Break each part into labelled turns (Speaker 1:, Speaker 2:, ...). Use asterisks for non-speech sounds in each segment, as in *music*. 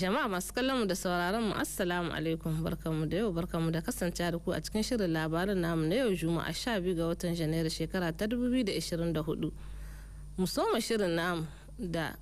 Speaker 1: Jama'a masu kallon mu da sauraron mu Assalamu alaikum barkamu da yau barkamu da kasance da ku a cikin shirin labarin namu na yau Juma'a biyu ga watan Janairu shekara ta 2024. Mu soma shirin namu da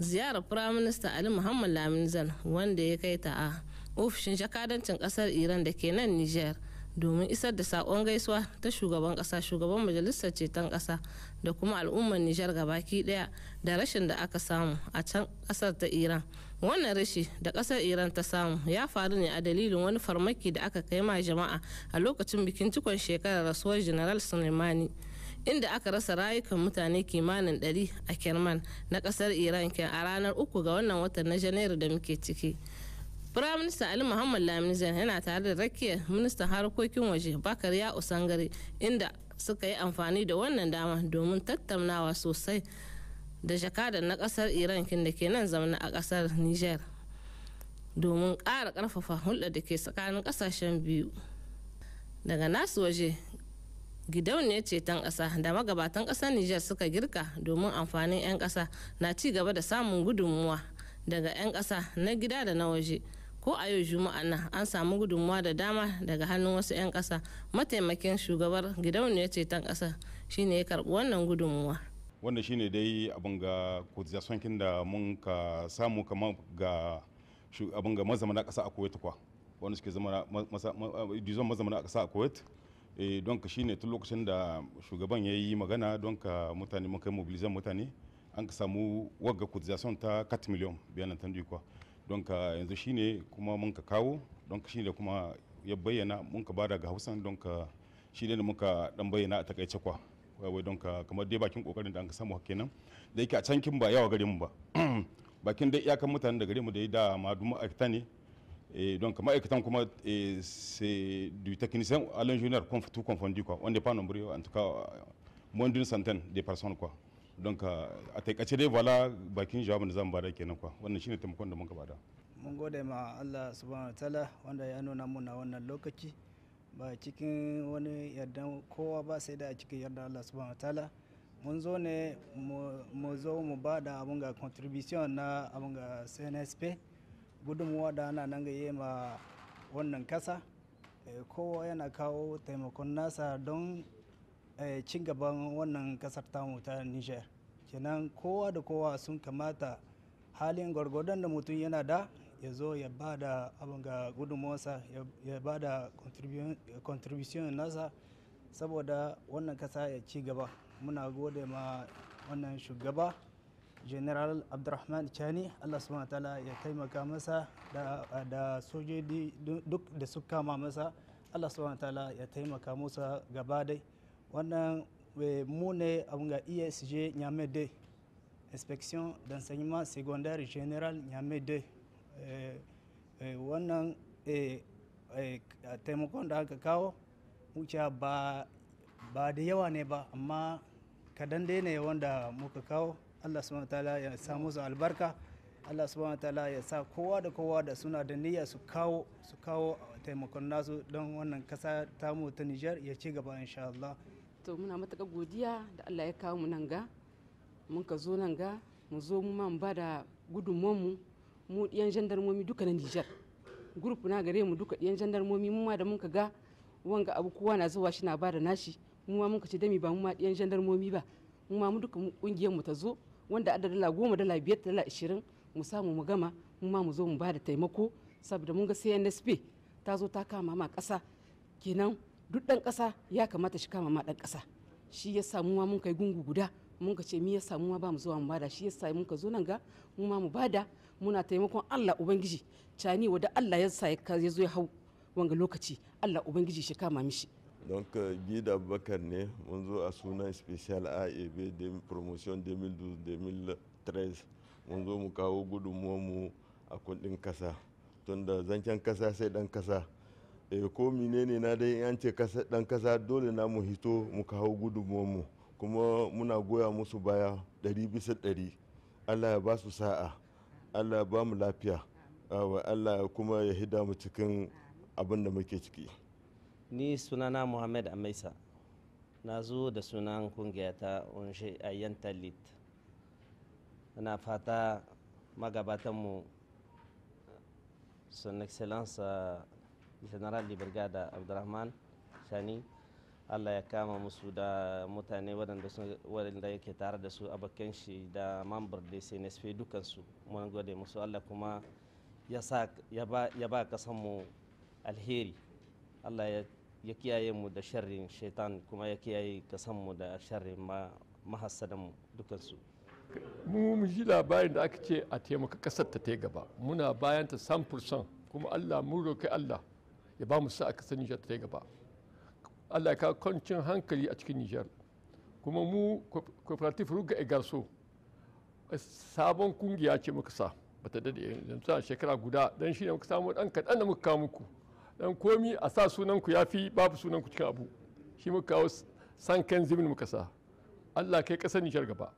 Speaker 1: ziyarar prime minister Ali Muhammad Lamin Zan wanda ya kai ta a ofishin jakadancin kasar Iran da ke nan Niger. domin isar da sakon gaisuwa ta shugaban kasa shugaban majalisar ceton kasa da kuma al'ummar nijar gabaki daya da rashin da aka samu a can kasar ta iran wannan rashi da kasar iran ta samu ya faru ne a dalilin wani farmaki da aka kai ma jama'a a lokacin bikin cikon shekarar rasuwar general suleimani inda aka rasa rayukan mutane kimanin 100 a kerman na kasar iran ken a ranar uku ga wannan watan na janairu da muke ciki firaminista ali muhammad zain yana tare da rakiyar ministan harkokin waje bakar ya usangare inda suka yi amfani da wannan dama domin tattaunawa sosai da jakadar na kasar iran kin da ke nan zamana a kasar niger domin ƙara ƙarfafa hulɗar da ke tsakanin ƙasashen biyu daga nasu waje gidauniyar ceton ƙasa da magabatan ƙasar niger suka girka domin amfanin 'yan ƙasa na ci gaba da samun gudunmuwa daga 'yan ƙasa na gida da na waje ko a yau juma'a nan an samu gudunmuwa da dama daga hannun wasu 'yan kasa mataimakin shugabar gidauniyar ceton kasa shine ya karbi wannan gudunmuwa
Speaker 2: wanda shine dai abin ga cotisation kin da mun ka samu kamar ga abin ga mazamana kasa a kuwait kuwa wanda suke zama dizon mazamana a kasa a kuwait eh, don ka shine tun lokacin da shugaban ya yi magana don ka mutane mun kai mobilizan mutane an ka samu wagga cotisation ta 4 miliyan biyan nan kwa don ka yanzu shine kuma mun ka kawo don ka shine kuma ya bayyana mun ka bada ga hausan don ka ne da muka dan bayyana a takaice kwa wai don ka kamar dai bakin kokarin da an ka samu kenan da yake a can kin ba yawa garin mu ba *clears throat* bakin dai iyakan mutanen da gare mu da ya da ma duma akita ne eh, don ka ma'aikatan kuma c'est eh, du technicien à l'ingénieur tout confondu quoi on n'est pas nombreux en tout cas moins d'une centaine de personnes quoi don ka a taikace dai bala bakin jawabin da zan bada kenan kwa wannan shine taimakon da muka bada
Speaker 3: mun gode ma Allah subhanahu wataala wanda ya nuna muna wannan lokaci ba cikin wani yarda kowa ba sai da a cikin yarda Allah subhanahu wataala mun zo ne mu zo mu bada abun ga contribution na abun ga CNSP gudunmuwa da ana nan ga ma wannan kasa eh, kowa yana kawo taimakon nasa don Eh, cin gaban wannan kasar ta ta niger kenan kowa da kowa sun kamata halin gwargwadon da mutum yana da ya zo ya ba da abin ga gudunmawarsa ya ba da contribution nasa saboda wannan kasa ya ci gaba muna gode ma wannan shugaba general abdurrahman chani allah subhanahu ta'ala ya taimaka masa da sojoji duk da su kama masa allah subhanahu ta'ala ya taimaka musa gaba dai wannan eh, mu ne abin ga esg nyame de inspection d'enseignement secondaire general nyame 2 eh, eh, wannan taimakon da aka kawo wuce ba da yawa ne ba amma kadan dai ne wanda muka kawo allah subhanahu ta'ala ya samu su albarka allah subhanahu ta'ala ya sa kowa da kowa da suna da niyya su kawo su kawo taimakon nasu don wannan kasa ta mu ta Niger ya ci gaba insha allah
Speaker 1: to muna matuƙa godiya da Allah ya kawo mu nan ga mun ka zo nan ga mu zo mu man ba da gudunmu mu ɗiyan jandarmomi duka na Nijar grup na gare mu duka ɗiyan jandarmomi mu ma da mun ka ga wanga abu kowa na zuwa shi na ba da nashi mu ma mun ka ce dami ba mu ma ɗiyan jandarmomi ba mu ma mu duka kungiyar mu ta zo wanda adda dala goma dala biyar dala ashirin mu samu mu gama mu ma mu zo mu ba da taimako saboda mun ga nsp ta zo ta kama ma kasa kenan duk ɗan kasa ya kamata shi kama ma ɗan kasa shi ya samu ma mun kai gungu guda mun ka ce mi ya samu ma ba mu zuwa mu bada shi ya sa mun ka zo nan ga mu ma mu bada muna taimakon Allah ubangiji cani wada Allah ya sa ya zo ya hau wanga lokaci Allah ubangiji shi kama mishi
Speaker 4: donc guida abubakar ne mun zo a sunan special aeb promotion 2012-2013 mun zo mu kawo mu a kundin kasa tunda zancen kasa sai dan kasa e, ko menene na dai an ce dan kasa dole na mu hito mu kawo gudunmu kuma muna goya musu baya ɗari bisa ɗari allah ya ba su sa'a allah ya ba mu lafiya allah kuma ya hida mu cikin abin da muke ciki
Speaker 5: ni sunana muhammad amaisa na zo da sunan kungiya ta a ayyan talit na fata magabatanmu sun excellence ah, general brigada abdurrahman sani allah ya kama musu da mutane waɗanda yake tare da su abokan shi da mambar da cnsp dukansu mun gode musu allah kuma ya ba mu alheri allah ya kiyaye mu da sharrin shaitan kuma ya kiyaye mu da sharrin mu dukansu
Speaker 4: mu mu ji labarin da aka ce a taimaka kasar ta ta gaba muna bayanta 100% kuma allah mun roƙi allah ya ba mu sa aka san Nijar ta yi gaba Allah ya kawo kwancin hankali a cikin Nijar kuma mu cooperative ruga egarso sabon kungiya ce muka sa bata dade yanzu a shekara guda dan shi ne muka samu dan kaɗan da muka kawo muku dan komi a sa sunan ku fi babu sunan ku cikin abu shi muka kawo sankan zimin muka sa Allah kai kasar Nijar gaba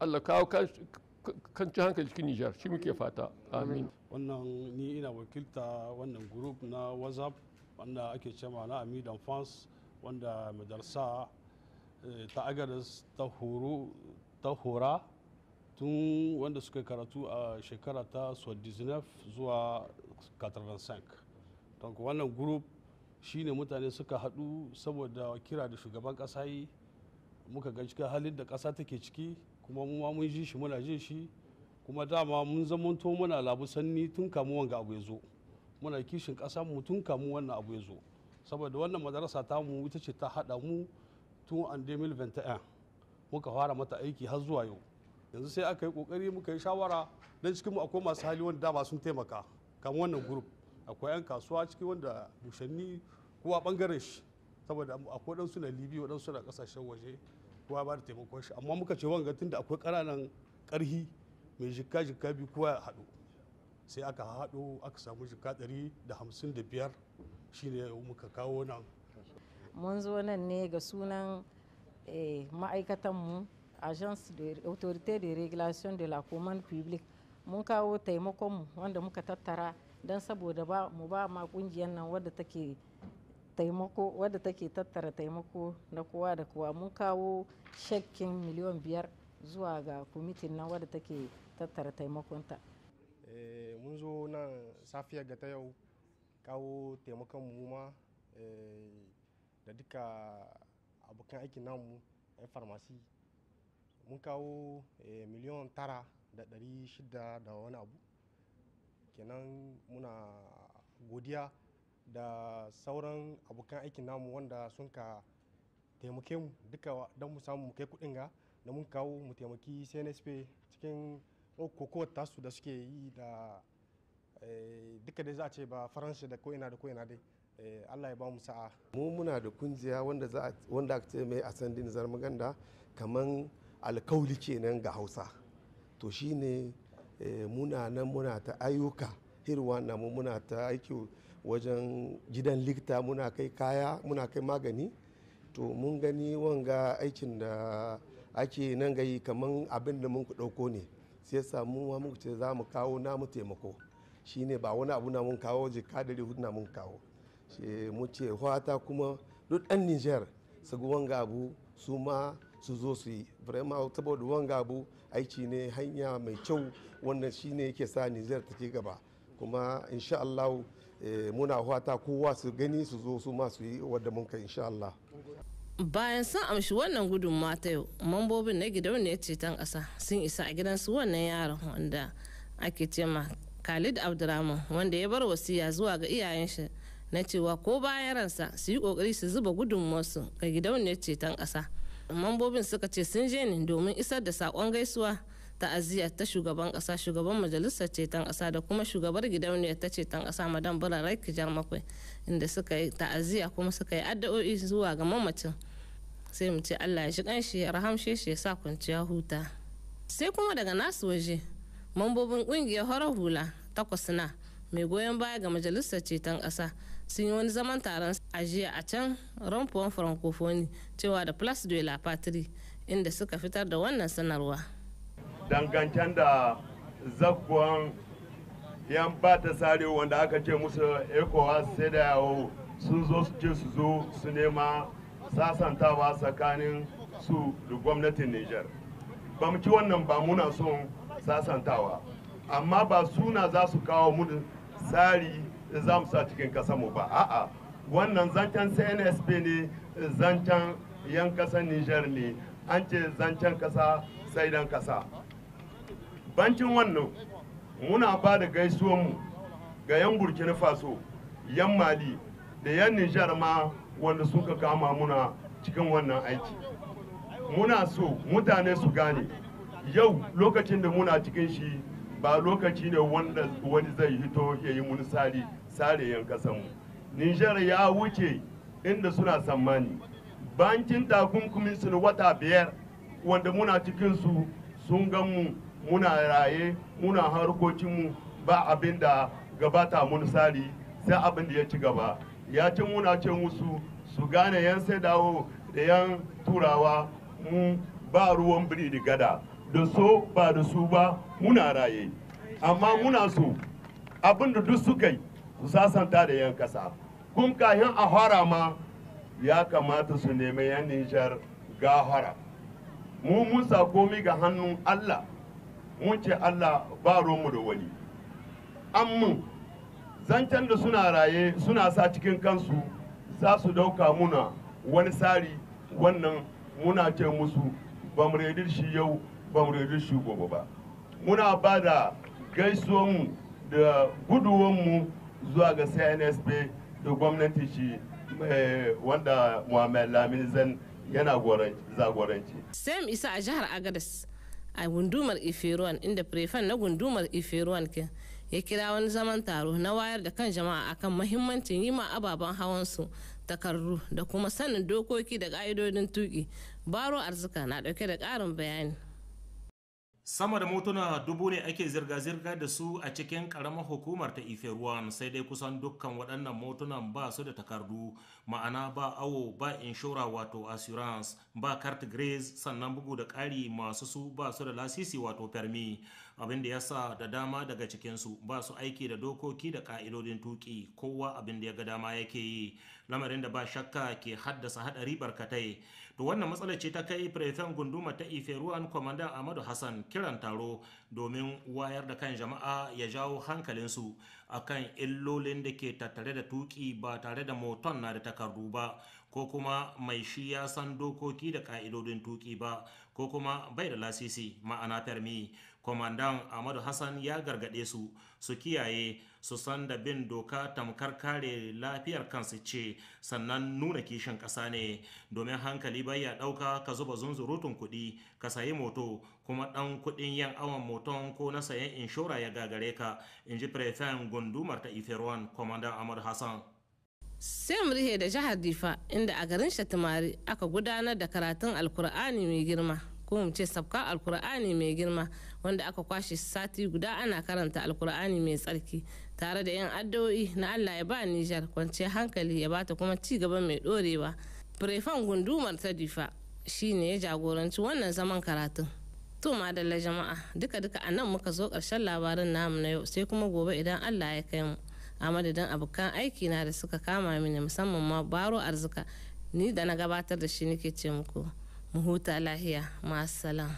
Speaker 4: Allah kawo kancin hankali cikin Nijar shi muke fata amin
Speaker 6: wannan ni ina wakilta wannan group na whatsapp wanda ake cewa na ami d'enfance wanda madarsa eh, ta agadas ta hora tun wanda suka karatu a shekara ta 19 zuwa 85 don wannan group shine mutane suka haɗu saboda kira da shugaban ƙasa yi muka ga cikin halin da ƙasa take ciki kuma mu ma mun ji shi muna jin shi kuma dama mun zamanto muna sanni tun kamu wanga abu ya zo muna kishin ƙasa mu tun kamu wannan abu ya zo saboda wannan madarasa ta mu ita ce ta haɗa mu tun an 2021 muka fara mata aiki har zuwa yau yanzu sai aka yi ƙoƙari muka yi shawara don cikin mu akwai masu hali wanda dama sun taimaka kamar wannan grup akwai 'yan kasuwa ciki wanda bushanni kowa bangaren shi saboda akwai ɗansu na libi waɗansu na ƙasashen waje kowa ba da taimakon shi amma muka ce wanga tun da akwai ƙananan ƙarhi mai jikka jikka biyu kowa ya haɗu sai aka haɗo aka samu jikka ɗari da hamsin da biyar shine muka kawo nan
Speaker 1: mun zo nan ne ga sunan eh, ma'aikatanmu agence de autorité de régulation de la commande publique mun kawo taimakonmu wanda muka tattara don saboda ba mu ba ma kungiyar nan wadda take taimako wadda take tattara taimako na kowa da kowa mun kawo shakkin miliyan biyar zuwa ga kwamitin nan wadda take tattara taimakonta
Speaker 6: eh, mun zo nan safiya ga ta yau kawo taimakon mu ma eh, da duka abokan aikin namu 'yan farmasi mun kawo eh, miliyon tara da ɗari shida da wani abu kenan muna godiya da sauran abokan aikin namu wanda sun ka taimake mu duka don mu samu mu kai kudin ga da mun kawo mu taimaki cnsp cikin kokowar tasu da suke yi da eh, duka dai za a ce ba faransa da ko'ina da ko'ina dai eh, allah ya ba mu sa'a
Speaker 4: mu muna da kungiya wanda aka ce mai asandin zarmaganda kamar alkauli kenan ga hausa to shine eh, muna nan muna ta ayyuka hirwa na mu muna ta aiki wajen gidan likta muna kai kaya muna kai magani to mun gani wanga aikin da ake nan gayi kamar abin da mun ku ɗauko ne sai yasa mu ce za mu kawo namu taimako shine ba wani abu na mun kawo je dari hudu na mun kawo shi mu ce hwata kuma duk dan Nijar su wanga abu su ma su zo su yi vraiment saboda wanga abu aiki ne hanya mai kyau wannan shine yake sa Nijar ke gaba kuma insha Allah eh, muna hwata kowa su gani su zo su ma su yi wadda mun ka insha Allah
Speaker 1: bayan sun amshi wannan gudun ta yau mambobin na gidauniyar ceton ƙasa sun isa a gidansu wannan yaron wanda ake cema khalid abdurrahman wanda ya bar wasiya zuwa ga iyayen shi na cewa ko bayan ransa su yi kokari su zuba gudunmawarsu ga gidauniyar ceton ƙasa mambobin suka ce sun je ne domin isar da sakon gaisuwa ta'aziyya ta shugaban kasa shugaban majalisar ceton kasa da kuma shugabar gidauniyar ta ceton kasa madan bularai kijar makwai inda suka yi ta'aziyya kuma suka yi addu'o'i zuwa ga mamacin sai mu ce allah ya shi kanshi ya rahamshe shi ya sa kwanciya huta sai kuma daga nasu waje mambobin kungiyar horar hula takwas na mai goyon baya ga majalisar ceton kasa sun yi wani zaman taron ajiya a can rumfuwan francophonie cewa da place de la patrie inda suka fitar da wannan sanarwa
Speaker 4: dangantan da zagon yan ba ta sare wanda aka ce musu ecowas sai da yawo sun zo su ce su zo su nema sasantawa tsakanin su da gwamnatin niger ba mu ci wannan ba muna son sasantawa amma ba suna za su kawo mu tsari za mu sa cikin mu ba a'a wannan zancen cnsp ne zancen yan kasar niger ne an ce zancen kasa sai dan kasa bancin wannan muna ba da gaisuwanmu ga 'yan burkina faso 'yan mali da 'yan nijar ma wanda suka kama muna cikin wannan aiki muna so mutane su gane yau lokacin da muna cikin shi ba lokaci ne wanda wani zai hito ya yi muni sari sare yan kasanmu nijar ya wuce inda suna tsammani bankin takunkumin su wata biyar wanda muna cikinsu sun gan mu muna raye muna harkokinmu ba abin da gabata mun sari sai abin da ya ci gaba ya ce muna ce musu su gane yan sai dawo da yan turawa mu ba ruwan biri da gada da so ba da su ba muna raye amma muna so abin da duk suka yi su sasanta da yan kasa kun kahin a fara ma ya kamata su nemi yan nijar gahara mu musa komi ga hannun allah mun ce Allah ba mu da wani an mun zancen da suna raye suna sa cikin kansu za su dauka muna wani tsari wannan muna ce musu ba mu redir shi yau ba mu redir shi gobe ba muna ba da gaisuwanmu da guduwanmu zuwa ga cnsp da gwamnati shi eh, wanda muhammad lamin zan yana zagoranci.
Speaker 1: Sam Isa a jihar Agadas a gundumar ifiruwan inda prefan na gundumar ifiruwan ke ya kira wani zaman taro na wayar da kan jama'a akan mahimmancin yi ma ababen su takardu da kuma sanin dokoki da ka'idodin tuki baro arzika na dauke da karin bayani
Speaker 5: sama da motuna dubu ne ake zirga-zirga da su a cikin karamar hukumar ta ife sai dai kusan dukkan waɗannan motunan ba su da takardu ma'ana ba awo ba inshora wato assurance ba carte grace sannan bugu da ƙari masu su ba su da lasisi wato permi abin da ya da dama daga cikinsu ba su aiki da dokoki da ƙa'idodin tuki kowa abin da ya ga dama yake yi lamarin da ba shakka ke haddasa haɗari barkatai to wannan matsala ce ta kai prefen gunduma ta ife ruwan kwamandan amadu hassan kiran taro domin wayar da kan jama'a ya jawo hankalinsu akan illolin da ke tattare da tuki ba tare da moton na da takardu ba ko kuma mai shi ya san dokoki da ka'idodin tuki ba ko kuma bai da lasisi ma'ana tarmi kwamandan amadu hassan ya gargade su su kiyaye su san da bin doka tamkar kare lafiyar kansu ce sannan nuna kishin ƙasa ne domin hankali baya ɗauka ka zuba zunzurutun kuɗi ka sayi moto kuma ɗan kuɗin yan awon moton ko na sayan inshora ya gagare ka in ji prefen gundumar ta iferwan kwamandan amadu hassan
Speaker 1: sai mu rihe da jihar difa inda a garin shatimari aka gudanar da karatun alkur'ani mai girma ko mu ce sabka alkur'ani mai girma wanda aka kwashe sati guda ana karanta alkur'ani mai tsarki tare da yan addu'o'i na allah ya ba nijar kwanciyar hankali ya bata kuma ci gaba mai dorewa prefan gundumar ta difa shine ya jagoranci wannan zaman karatun to madalla jama'a duka duka a nan muka zo karshen labarin namu na yau sai kuma gobe idan allah ya kai mu a madadin abokan aiki na da suka kama mini musamman ma baro arzika ni da na gabatar da shi nake ce muku mu huta lahiya ma'assalam.